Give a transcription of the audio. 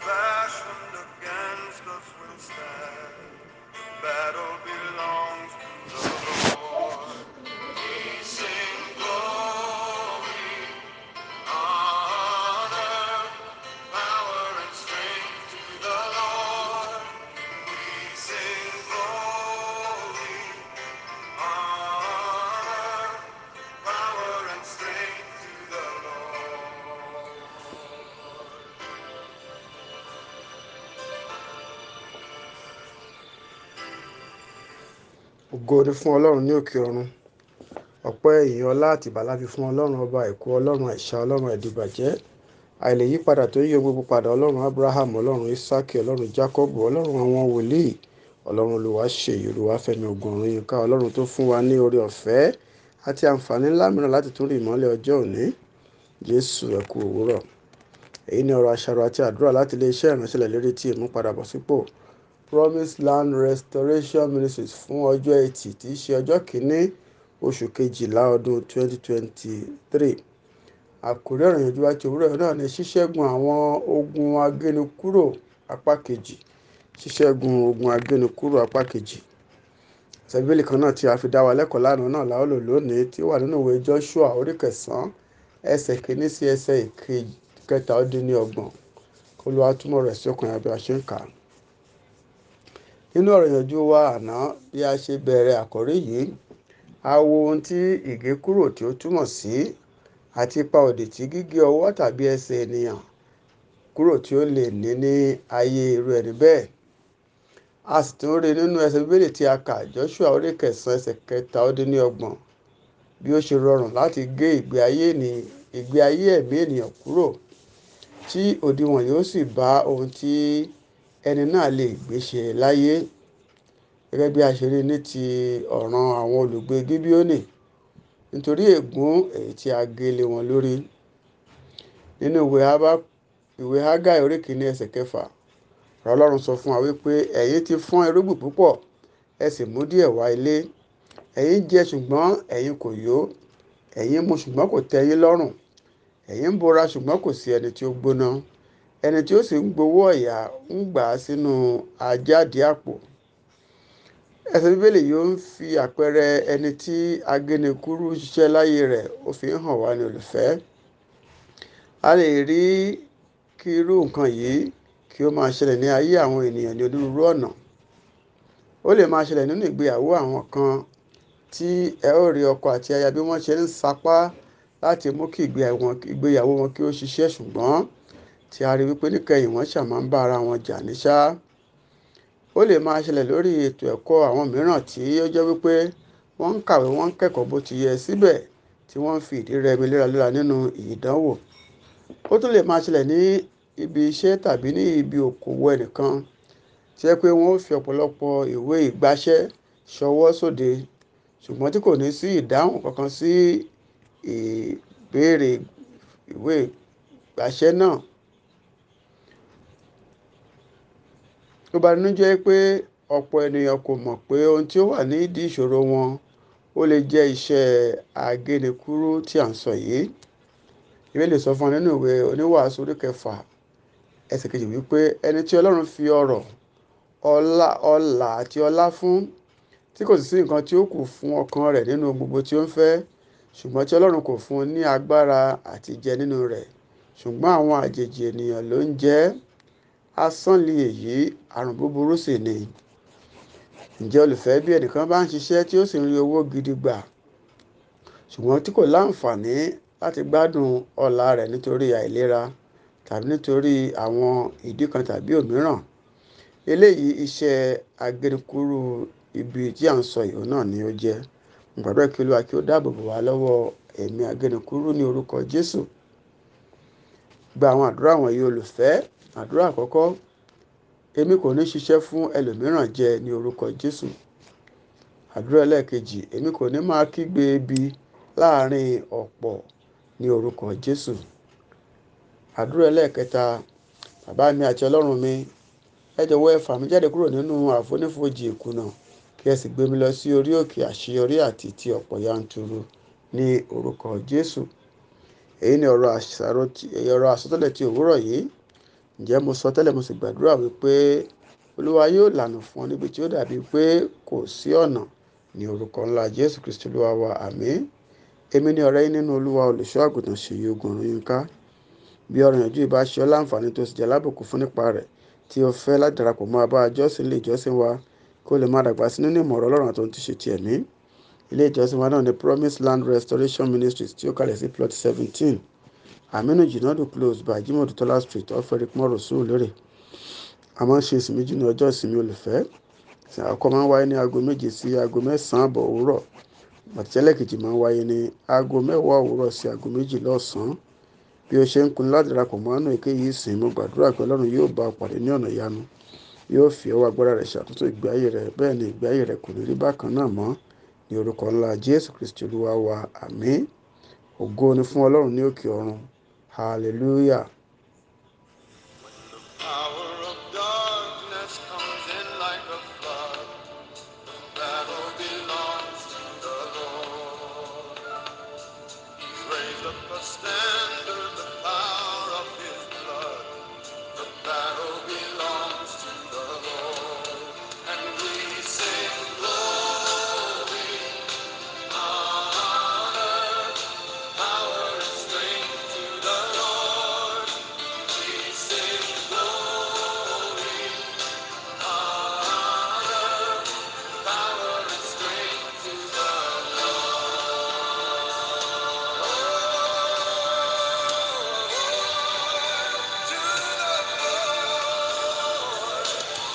back. ògo ni fún ọlọ́run ní òkè ọ̀run ọ̀pọ̀ ẹ̀yìn ọlá àti ìbàláfi fún ọlọ́run ọba àìkú ọlọ́run àìṣà ọlọ́run ẹ̀dìbàjẹ́ àìlèyípadà tó yíyọ gbogbo padà ọlọ́run abraham ọlọ́run isaki ọlọ́run jacob ọlọ́run àwọn wòlíì ọlọ́run olùwà ṣèyí olùwà fẹmi ogun ọ̀run yín ká ọlọ́run tó fún wa ní oore ọ̀fẹ́ àti àǹfààní ńlá mìíràn láti tún rí ìmọ́lẹ̀ ọjọ́ òní jésù ẹ̀kú òwúrọ̀ èyí ni ọ̀rọ̀ àṣàrò àti àdúrà láti iléeṣẹ́ ìránṣẹ́lẹ̀ lérí tí ìmúpadàbọ̀sípò promise land restoration ministries fún ọjọ́ ẹtì tí í ṣe ọjọ́ kìíní oṣù kejìlá ọdún 2023 àkórí ọ̀rọ̀ ìyànjú àti òwúrọ̀ náà ni ṣíṣẹ́gun àwọn ogun agẹnukúrò apá kejì ṣíṣẹ́gun ogun agẹnukúrò apá kejì sẹ́bílì kan náà tí a fi dá wa lẹ́kọ̀ọ́ lánàá náà la ó lò lónìí tí ó wà nínú ìwé Joshua orí kẹsàn-án ẹsẹ̀ kìíní sí ẹsẹ̀ ìkẹta ó dín ní ọgbọ̀n kó ló wá túmọ̀ rẹ̀ sí ọkùnrin àbí àṣẹ nínú ọ̀rọ̀ ìyànjú wa àná bí a ṣe bẹ̀rẹ̀ àkọ́rí yìí a wo ohun tí ìgékúrò tí ó túmọ̀ sí àti ipa òdì tí gígé ọwọ́ tàbí ẹsẹ̀ ènìyàn kúrò tí ó lè ní ní ayé irú ẹni bẹ́ẹ̀ a sì tún rí nínú ẹsẹ̀ bíbélì tí a kà Joshua orí kẹsàn-án ẹsẹ̀ kẹta ó dín ní ọgbọ̀n bí ó ṣe rọrùn láti gé ìgbé ayé ẹ̀mí ènìyàn kúrò tí òdiwọ̀n yóò sì bá ohun tí ẹni náà lè gbéṣe láyé gẹ́gẹ́ bí a ṣe rí ní ti ọ̀ràn àwọn olùgbé gíbíónì nítorí ègún èyí tí a gé lé wọn lórí nínú ìwé hágà orí kìíní ẹsẹ̀ kẹfà ọlọ́run sọ fún wa wípé ẹ̀yin ti fọ́n irúgbìn púpọ̀ ẹ sì mú díẹ̀ wá ilé ẹ̀yin jẹ ṣùgbọ́n ẹ̀yin kò yó ẹ̀yin mu ṣùgbọ́n kò tẹ́ yín lọ́rùn ń bora ṣùgbọ́n kò sí ẹni tí ó gbóná ẹni tí ó sì ń gbowó ọ̀yà ń gbà á sínú àjáde àpò ẹsẹ̀ bíbélì yóò ń fi àpẹẹrẹ ẹni tí agẹnikúrú ń ṣiṣẹ́ láyé rẹ̀ ó fi ń hàn wá ní olùfẹ́ a lè rí kí irú nǹkan yìí kí ó máa ṣẹlẹ̀ ní ayé àwọn ènìyàn ní onírúurú ọ̀nà ó lè máa ṣẹlẹ̀ nínú ìgbéyàwó àwọn kan tí ẹ ó rí ọkọ àti aya bí wọ́n ṣe ń sapá láti mú kí ìgbéyàwó wọn kí ó ṣiṣẹ́ ṣùgbọ́n tí a rí wípé níkẹyìn wọ́n ṣàmọ́ ń bá ara wọn jà ní ṣá ó lè máa ṣẹlẹ̀ lórí ètò ẹ̀kọ́ àwọn mìíràn tí ó jẹ́ wípé wọ́n ń kàwé wọ́n ń kẹ́kọ̀ọ́ bó ti yẹ síbẹ̀ tí wọ́n ń fi ìdí rẹmi léraléra nínú ìdánwò ó tún lè máa ṣẹlẹ̀ ní ibi iṣẹ́ tàbí ní ibi òkòwò ẹnìkan tí ẹ pé wọ́n ó fi ọ̀pọ̀lọpọ̀ ìwé ìgbàṣẹ́ ṣọwọ́ sóde ṣùgbọ́n tí kò ní sí ìdáhùn kankan sí ìbéèrè ìwé ìgbàṣẹ́ náà tó bá nínú jẹ́ pé ọ̀pọ̀ ènìyàn kò mọ̀ pé ohun tí ó wà nídìí ìṣòro wọn ó lè jẹ́ iṣẹ́ àgénekúrú tí à ń sọ yìí ìbéèlè sọ fún wa nínú ìwé oníwàásù orí kẹfà ẹsẹ̀ kejì wípé ẹni tí ọlọ́run fi ọrọ̀ ọlá ọlà àti ọlá fún tí kò sì sí nǹkan tí ó kù fún ọkàn rẹ̀ nínú gbogbo tí ó ń fẹ́ ṣùgbọ́n tí ọlọ́run kò fún ní agbára àti nínú rẹ̀ ṣùgbọ́n àwọn àjèjì ènìyàn ló ń jẹ asán li èyí àrùn búburú sì ni ǹjẹ́ olùfẹ́ bí ẹnìkan bá ń ṣiṣẹ́ tí ó sì ń rí owó gidi gbà ṣùgbọ́n tí kò láǹfààní láti gbádùn ọ̀la rẹ̀ nítorí àìlera tàbí nítorí àwọn ìdí kan tàbí òmíràn eléyìí iṣẹ́ agẹnikúrú ibi tí à ń sọ ìhò náà ni ó jẹ́ mo gbàdúrà kí olúwa kí ó dáàbò bò wá lọ́wọ́ ẹ̀mí agẹnikúrú ní orúkọ jésù gba àwọn àdúrà wọ̀nyí olùfẹ́ àdúrà àkọ́kọ́ èmi kò ní ṣiṣẹ́ fún ẹlòmíràn jẹ ní orúkọ jésù àdúrà ẹlẹ́ẹ̀kejì èmi kò ní máa kígbe ebi láàrin ọ̀pọ̀ ní orúkọ jésù àdúrà ẹlẹ́ẹ̀kẹta bàbá mi àti ọlọ́run mi ẹ jọ̀wọ́ ẹ fà mí jáde kúrò nínú àfonífojì ìkùnà kí ẹ sì gbé mi lọ sí orí òkè àṣeyọrí àti ti ọ̀pọ̀ yanturu ní orúkọ jésù èyí ni ọ̀rọ̀ àsọtẹ́lẹ̀ ti òwúrọ̀ yìí ǹjẹ́ mo sọ tẹ́lẹ̀ mo sì gbàdúrà wípé olúwa yóò lànà fún ọ níbi tí ó dàbí pé kò sí ọ̀nà ní orúkọ ńlá jésù kristu olúwa wa àmín èmi ni ọ̀rẹ́ yín nínú olúwa olùṣọ́ àgùntàn ṣèyí ogun ọ̀run yín ká bí ọ̀rọ̀ yànjú ìbá ṣe ọ láǹfààní tó sì jẹ́ alábòkú fún nípa rẹ̀ tí o fẹ́ láti mọ́ abá ìjọsìn ilé ìjọsìn wa kó lè má dàgbà sí nínú ìmọ̀ ọlọ́run àti ohun ṣe ti ẹ̀mí ilé ìjọsìn wa náà ní promise land restoration ministries tí ó kalẹ̀ sí plot seventeen aminu jinadu close by jimoh Tola street oferic moro sùúrù lérè àmọ́ ṣe ìsinmi jù ní ọjọ́ ìsinmi olùfẹ́ àkọ́ máa ń wáyé ní aago méje sí aago mẹ́sàn-án àbọ̀ òwúrọ̀ àtìlẹ́yìn kejì máa ń wáyé ní aago mẹ́wàá òwúrọ̀ sí aago méjì lọ́sàn-án bí o ṣe ń kun láti darapọ̀ mọ́ àánú èkéyìí ìsìn mo gbàdúrà pé ọlọ́run yóò bá ọ pàdé ní ọ̀nà ìyanu yóò fi ọwọ́ agbára rẹ̀ ṣàtúntò ìgbé ayé rẹ̀ bẹ́ẹ̀ ni ìgbé ayé rẹ̀ kò ní rí bákan náà mọ́ ní orúkọ ńlá jésù kristi olúwa wa àmín ògo ni fún ọlọ́run ní òkè ọ̀run hallelujah.